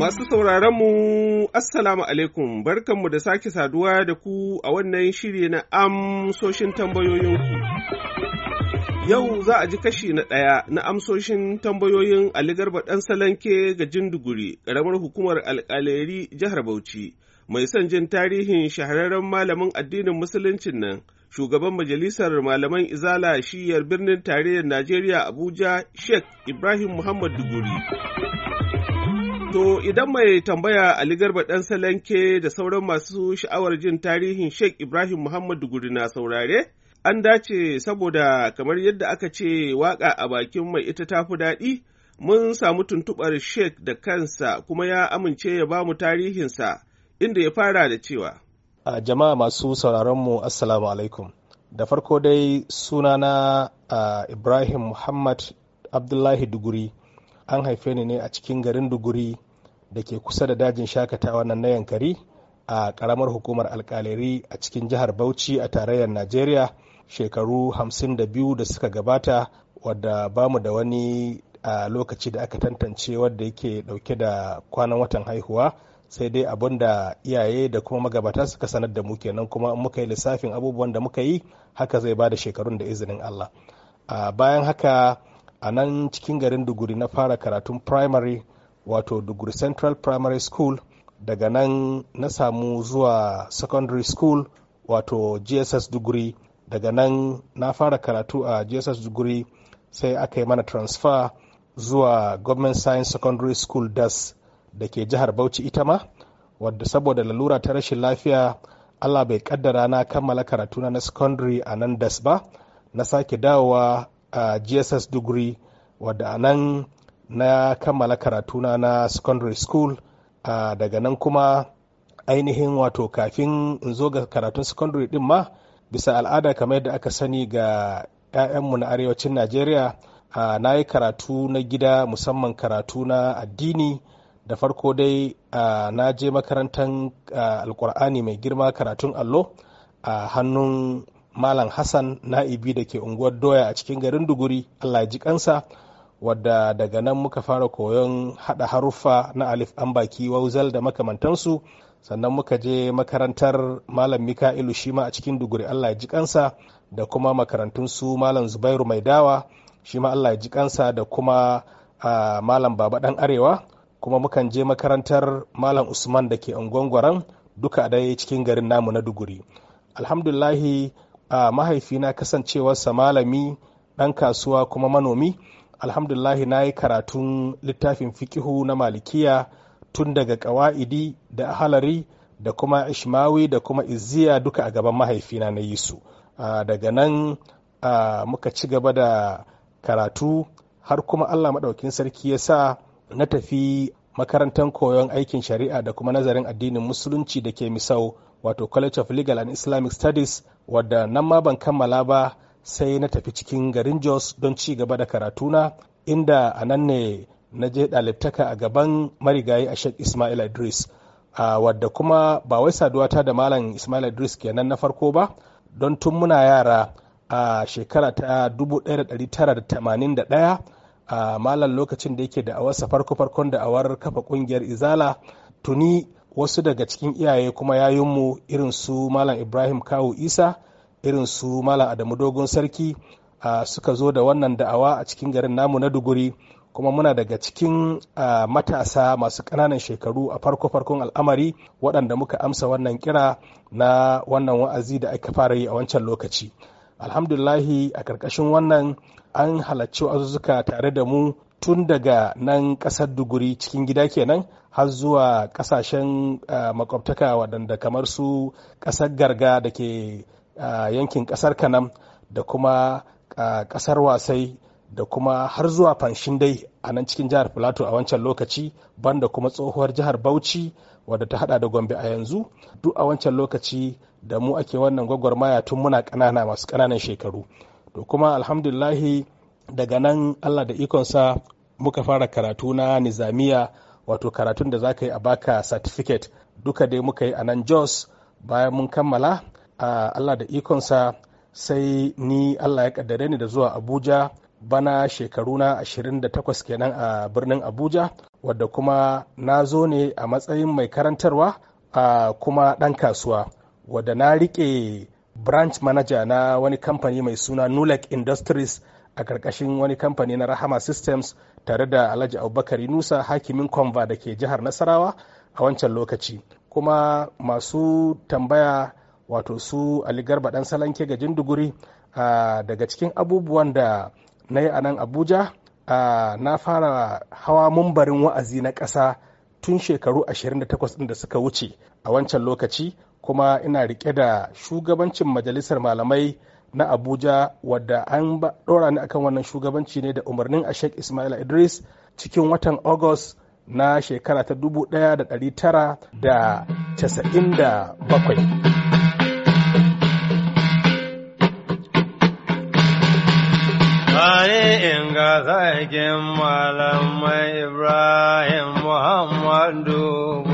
Masu mu Assalamu alaikum, barkanmu da sake saduwa da ku a wannan shiri na amsoshin tambayoyinku. Yau za a ji kashi na ɗaya na amsoshin tambayoyin aligarba Garba ɗan Salanke ga Jinduguri, ƙaramar hukumar alƙaleri jihar Bauchi, mai son jin tarihin shahararren malamin addinin Musuluncin nan. shugaban majalisar malaman izala shiyar birnin tarihin najeriya abuja sheikh ibrahim muhammad duguri To idan mai tambaya Ali Garba ɗan Salanke da sauran masu sha'awar jin tarihin Sheikh Ibrahim Muhammadu Guri na saurare, an dace saboda kamar yadda aka ce waƙa a bakin mai ita ta fi daɗi, mun samu tuntuɓar Sheikh da kansa kuma ya amince ya ba mu tarihinsa, inda ya fara da cewa. A jama'a masu sauraronmu Assalamu alaikum. Da farko dai sunana uh, Ibrahim Muhammad Abdullahi Duguri. an haife ni ne a cikin garin duguri da ke kusa da dajin shakatawa na yankari a karamar hukumar alkaleri a cikin jihar bauchi a tarayyar najeriya shekaru 52 da suka gabata wadda bamu da wani a lokaci da aka tantance wadda yake dauke da kwanan watan haihuwa sai dai abin da iyaye da kuma magabata suka sanar da mu kenan kuma muka yi lissafin abubuwan da muka yi haka zai ba da shekarun da izinin allah bayan haka a nan cikin garin duguri na fara karatun primary wato duguri central primary school daga nan na samu zuwa secondary school wato gss duguri daga nan na fara karatu a gss duguri sai aka yi mana transfer zuwa government science secondary school das da ke jihar bauchi ita ma wadda saboda lalura ta rashin lafiya allah bai kaddara na kammala karatuna na secondary a nan das ba na sake dawowa a gss degree wadda a nan na kammala karatuna na secondary school a daga nan kuma ainihin wato kafin in zo ga karatun secondary din ma bisa al'ada kamar yadda aka sani ga 'ya'yanmu na arewacin najeriya na yi karatu na gida musamman karatu na addini da farko dai na je makarantar alkur'ani mai girma karatun allo a hannun malam hassan na'ibi da ke unguwar doya a cikin garin duguri allah ji kansa wadda daga nan muka fara koyon hada haruffa na alif an baki wauzal da makamantansu sannan muka je makarantar malam mika'ilu shima a cikin duguri allah ji kansa da kuma makarantun su malam zubairu mai dawa shima allah ji kansa da kuma malam baba dan arewa kuma mukan je makarantar malam usman da ke unguwar duka dai cikin garin namu na duguri alhamdulahi a mahaifina kasancewarsa malami ɗan kasuwa kuma manomi alhamdulahi na yi karatun littafin fikihu na malikiya tun daga ƙawa'idi da halari da kuma ishmawi da kuma izziya duka a gaban mahaifina na yi su daga nan muka ci gaba da karatu har kuma allah maɗaukin sarki ya sa na tafi makarantar koyon aikin shari'a da kuma nazarin addinin musulunci da ke misau wato college of legal and islamic studies wadda nan ma ban kammala ba sai na tafi cikin garin jos don ci gaba da karatuna inda a nan ne na je ɗalibtaka a gaban marigayi a sheikh ismail idris wadda kuma ba wai saduwa ta da malam ismail idris kenan na farko ba don tun muna yara a shekara ta 1981 a malam lokacin da yake sa farko-farkon da'awar kafa kungiyar izala tuni wasu daga cikin iyaye kuma mu irin su malam ibrahim kawu isa irin su malam adamu dogon sarki suka zo da wannan da'awa a cikin garin namu na duguri kuma muna daga cikin matasa masu ƙananan shekaru a farko-farkon al'amari waɗanda muka amsa wannan kira na wannan wa'azi da aka fara yi a wancan lokaci alhamdulahi a ƙarƙashin wannan an halarci azuzzuka tare da mu tun daga nan kasar duguri cikin gida kenan har zuwa kasashen eh, makwabtaka waɗanda kamar su ƙasar garga da ke eh, yankin ƙasar kanan da kuma kasar eh, wasai da kuma har zuwa fanshin dai a nan cikin jihar filato a wancan lokaci banda kuma tsohuwar jihar bauchi wadda ta hada da gombe a yanzu duk a wancan lokaci da mu ake wannan gwagwarmaya tun muna ƙanana masu ƙananan shekaru to kuma alhamdulillahi daga nan allah da ikonsa muka fara karatu na nizamiya wato karatun da za ka yi a baka certificate duka dai muka yi a nan jos bayan mun kammala a allah da ikonsa sai ni allah ya kaddare ni da zuwa abuja bana shekaruna 28 kenan a birnin abuja wadda kuma na zo ne a matsayin mai karantarwa a kuma ɗan kasuwa wadda na riƙe branch manager na wani kamfani mai suna Nulek Industries a karkashin wani kamfani na Rahama Systems tare da Alhaji Abubakar Nusa hakimin kwamba da ke jihar Nasarawa a wancan lokaci. Kuma masu tambaya wato su Ali Garba dan Salanke ga duguri, daga cikin abubuwan da na yi a nan Abuja na fara hawa mumbarin wa'azi na ƙasa tun shekaru 28 da suka wuce a wancan lokaci kuma ina rike da shugabancin majalisar malamai na abuja wadda an ɗora ni akan wannan shugabanci ne da umarnin a Sheikh ismail idris cikin watan august na shekara ta dubu ɗaya da 1997 Bari in ga zaƙin malamai Ibrahim Muhammadu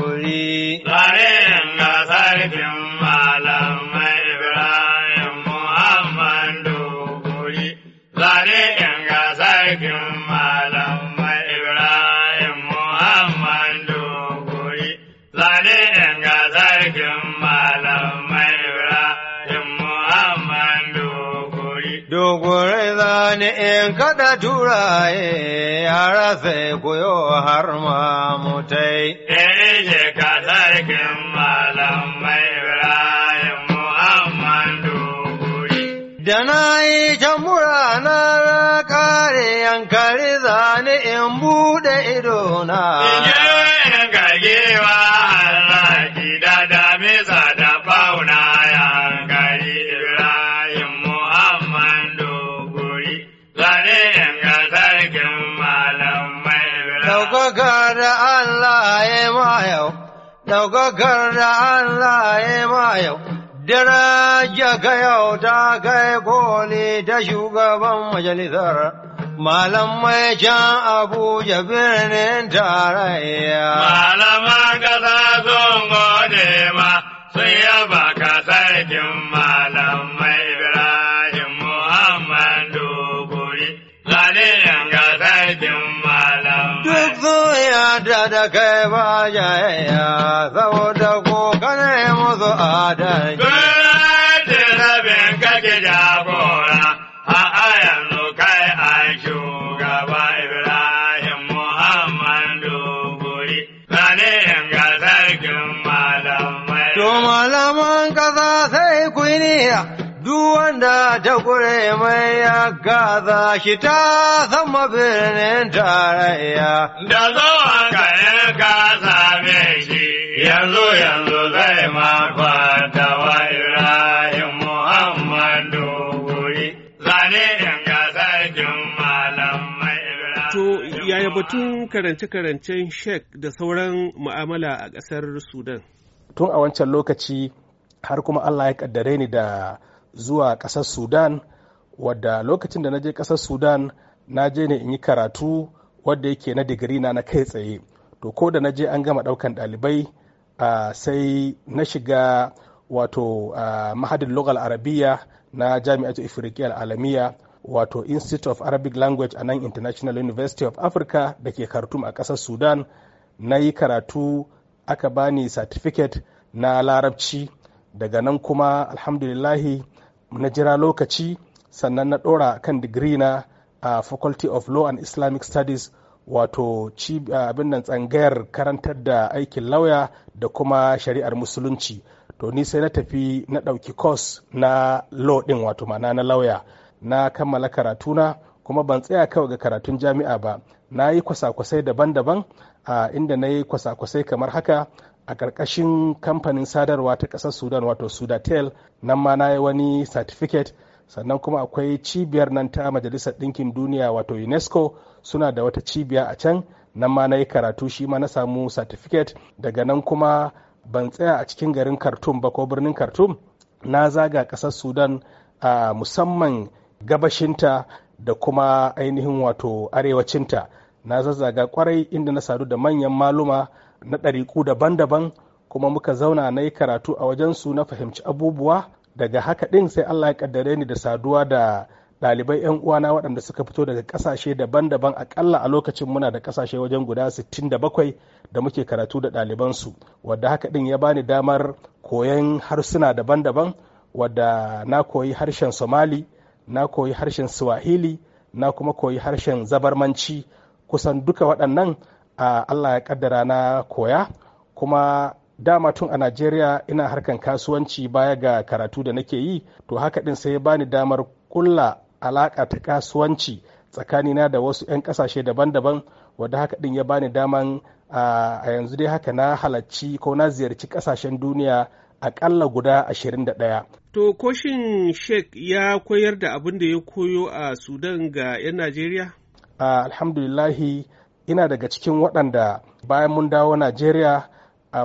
duraye yara sai harma har mutai. eje je malam mai Muhammadu Guri. Da na yi jamura na kare yankari zane in buɗe idona. Ije in gagewa. ɗaukakar eh, eh, da Allah ya mayau, ɗaukakar da Allah ya mayau, daraja ga yau ta kai koli ta shugaban majalisar. Malam mai can Abuja birnin tarayya. da kai ba jayayya saboda ko kane musu adalci. duk wanda ta kure mai ya gaza shi ta zama birnin tarayya. Da zuwa kare gaza mai shi yanzu yanzu zai ma kwanta wa Ibrahim Muhammadu guri zane in ga malam mai Ibrahim. To yaya batun karance-karancen shek da sauran mu'amala a ƙasar Sudan? Tun a wancan lokaci har kuma Allah ya kaddare ni da zuwa ƙasar sudan wadda lokacin da na je ƙasar sudan na je ne in yi karatu wadda yake na digiri na na kai tsaye to ko da na je an gama ɗaukan ɗalibai sai na shiga wato mahadin logal arabiya na jami'atu ifirikiyar alamiya wato institute of arabic language a nan international university of africa da ke khartoum a ƙasar sudan na yi karatu aka bani certificate na larabci daga nan kuma alhamdulillahi na jira lokaci sannan na ɗora kan digiri na a faculty of law and islamic studies wato abin nan tsangayar karantar da aikin lauya da kuma shari'ar musulunci to ni sai na tafi na ɗauki kos na law ɗin wato ma'ana na lauya na kammala karatuna kuma ban tsaya kawai ga karatun jami'a ba na yi kwasa-kwasai daban-daban a inda na yi kwasa-kwasai kamar haka a ƙarƙashin kamfanin sadarwa ta ƙasar sudan wato sudatel nan ma na yi wani certificate sannan kuma akwai cibiyar nan ta majalisar ɗinkin duniya wato unesco suna da wata cibiya a can nan ma na yi karatu shi ma na samu certificate daga nan kuma ban tsaya a cikin garin khartoum ba ko birnin khartoum na zaga ƙasar sudan a musamman gabashinta da kuma ainihin wato arewacinta na zazzaga kwarai inda na sadu da manyan maluma na ɗariƙu daban-daban kuma muka zauna na yi karatu a wajensu na fahimci abubuwa daga haka ɗin sai allah ya kaddare ni da saduwa da ɗalibai 'yan uwana waɗanda suka fito daga ƙasashe daban-daban aƙalla a lokacin muna da ƙasashe wajen guda 67 da muke karatu da ɗalibansu wadda haka ɗin ya bani damar koyon harsuna daban-daban wadda na koyi harshen somali na koyi harshen swahili na kuma koyi harshen zabarmanci kusan duka waɗannan A Allah ya kaddara na koya kuma dama tun a Najeriya ina harkan kasuwanci baya ga karatu da nake yi to haka din sai ya bani damar kulla alaka ta kasuwanci tsakanina da wasu 'yan kasashe daban-daban wadda haka din ya bani daman a yanzu dai haka na halarci ko na ziyarci kasashen duniya akalla guda 21. To koshin Sheikh ya koyar da abin da ya koyo a Sudan ga 'yan Najeriya? Alhamdulillahi ina daga cikin waɗanda bayan mun dawo najeriya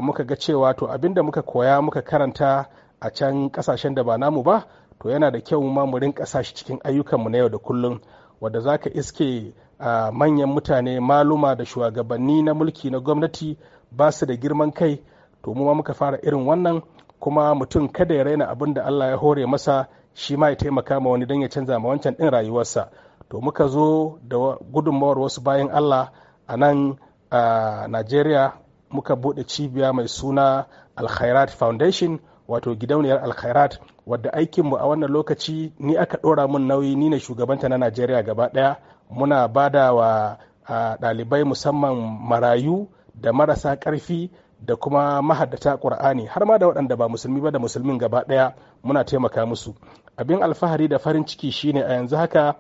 muka ga cewa to abinda muka koya muka karanta a can ƙasashen da ba namu ba to yana da kyau ma mu rinka sashi cikin ayyukanmu na yau da kullum wadda za ka iske a manyan mutane maluma da shugabanni na mulki na gwamnati ba su da girman kai to mu ma muka fara irin wannan kuma mutum kada ya raina abin da Allah ya hore masa shi ma ya taimaka ma wani don ya canza ma wancan din rayuwarsa to muka zo da gudunmawar wasu bayan Allah a nan a najeriya muka bude cibiya mai suna alkhairat foundation wato gidauniyar alkhairat wadda aikinmu a wannan lokaci ni aka ɗora mun nauyi ni ne shugabanta na nigeria gaba daya muna bada wa dalibai musamman marayu da marasa karfi da kuma mahaddata ƙur'ani har ma da waɗanda ba musulmi ba da musulmin gaba daya muna taimaka musu abin alfahari da farin ciki shine a yanzu haka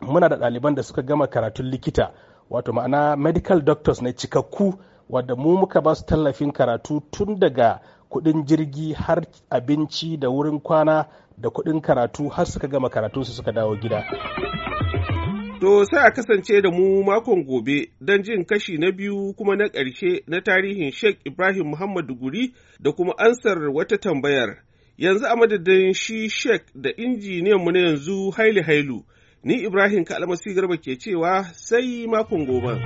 muna da ɗaliban da suka gama karatun likita wato ma'ana medical doctors na cikakku wadda mu muka ba su tallafin karatu tun daga kudin jirgi har abinci da wurin kwana da kudin karatu har suka gama karatunsu suka dawo gida. To sai a kasance da mu makon gobe don jin kashi na biyu kuma na ƙarshe na tarihin Sheikh Ibrahim muhammad Guri da kuma ansar wata tambayar. Yanzu a madadin shi Sheikh da injiniyanmu na yanzu Haili Hailu. Ni Ibrahim Kalmasi Garba ke cewa sai makon gobe.